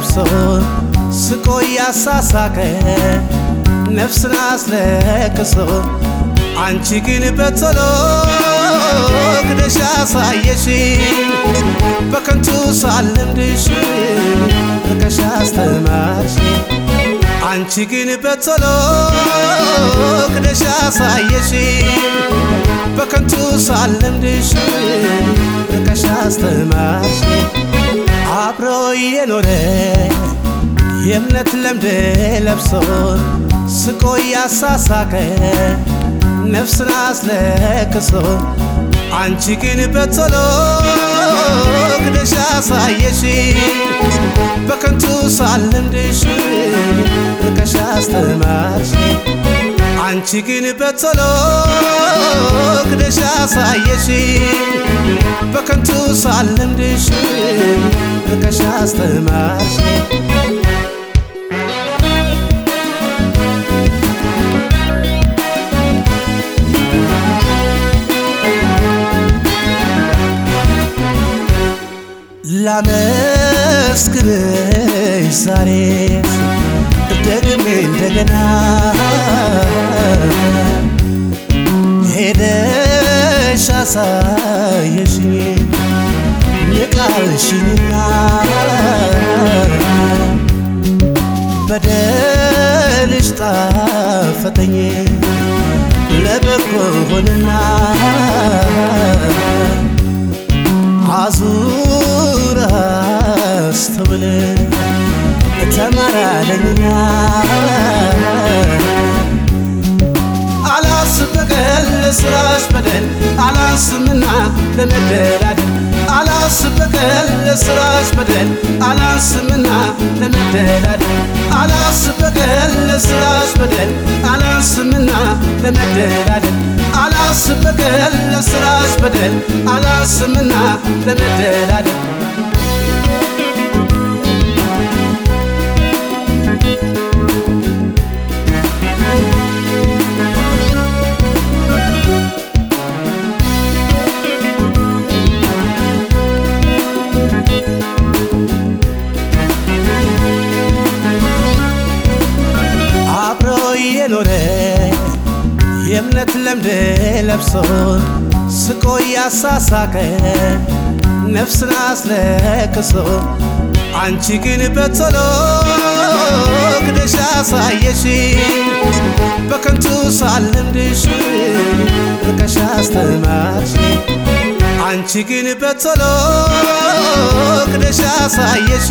ለብሶ ስቆ እያሳሳቀ ነፍስን አስለቅሶ አንቺ ግን በቶሎ ክደሽ አሳየሽ በከንቱ ሳልለምድሽ ርቀሽ አስተማርሽ አንቺ ግን በቶሎ ክደሽ አሳየሽ በከንቱ ሳልለምድሽ ርቀሽ አስተማርሽ አብሮ እየኖረ የእምነት ለምድ ለብሶ ስቆ እያሳሳቀ ነፍስን አስለክሶ አንቺ ግን በቶሎ ግደሽ አሳየሽ በከንቱ ሳልለምድሽ ርቀሽ አስተማርሽ አንቺ ግን በቶሎ ግደሽ አሳየሽ በከንቱ ሳልለምድሽ ብለሽ አስተማርሽ ላመስግንሽ ዛሬ ደግሜ እንደገና ሄደሽ አሳየሽኝ ይጣልሽኛል በደልሽ ጣፈጠኝ ለበጎ ተመራለኝና አላስ በቀል ስራሽ በደል አላስምና አላስበቀል ለስራሽ በደል አላስምና ለመደላደል አላስበቀል ለስራሽ በደል አላስምና ለመደላደል አላስበቀል ለስራሽ በደል አላስምና ለመደላደል እምነት ለምድ ለብሶ ስቆ እያሳሳቀ ነፍስን አስለቅሶ አንቺ ግን በቶሎ ክደሽ አሳየሽ በከንቱ ሳልለምድሽ ርቀሽ አስተማርሽ አንቺ ግን በቶሎ ክደሽ አሳየሽ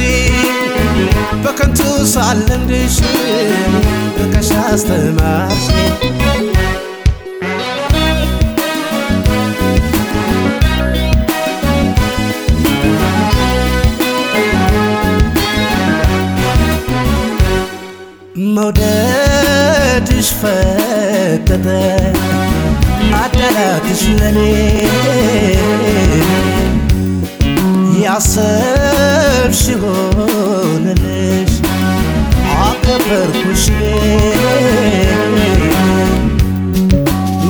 በከንቱ ሳልምድሽ ርቀሽ አስተማርሽ መውደድሽ ፈጠጠ አደራትሽ ለኔ ያሰብሽ ሆንልሽ አከበርኩሽ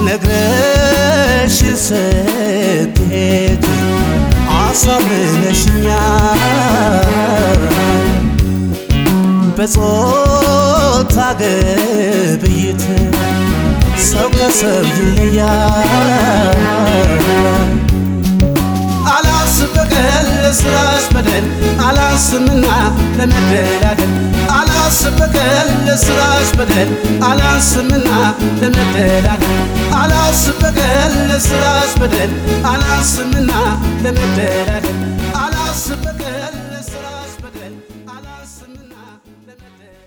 ነግረሽ ስትሄድ አሳምነሽኛል በጾ ግብይት ሰው ከሰው ይለያል። አላስ በቀል ለስራሽ በደል አላስምና ለመደላደል አላስ በቀል ለስራሽ በደል አላስምና ለመደላደል አላስ በቀል ለስራሽ በደል አላስምና ለመደላደል አላስ በቀል ለስራሽ በደል አላስምና ለመደላደል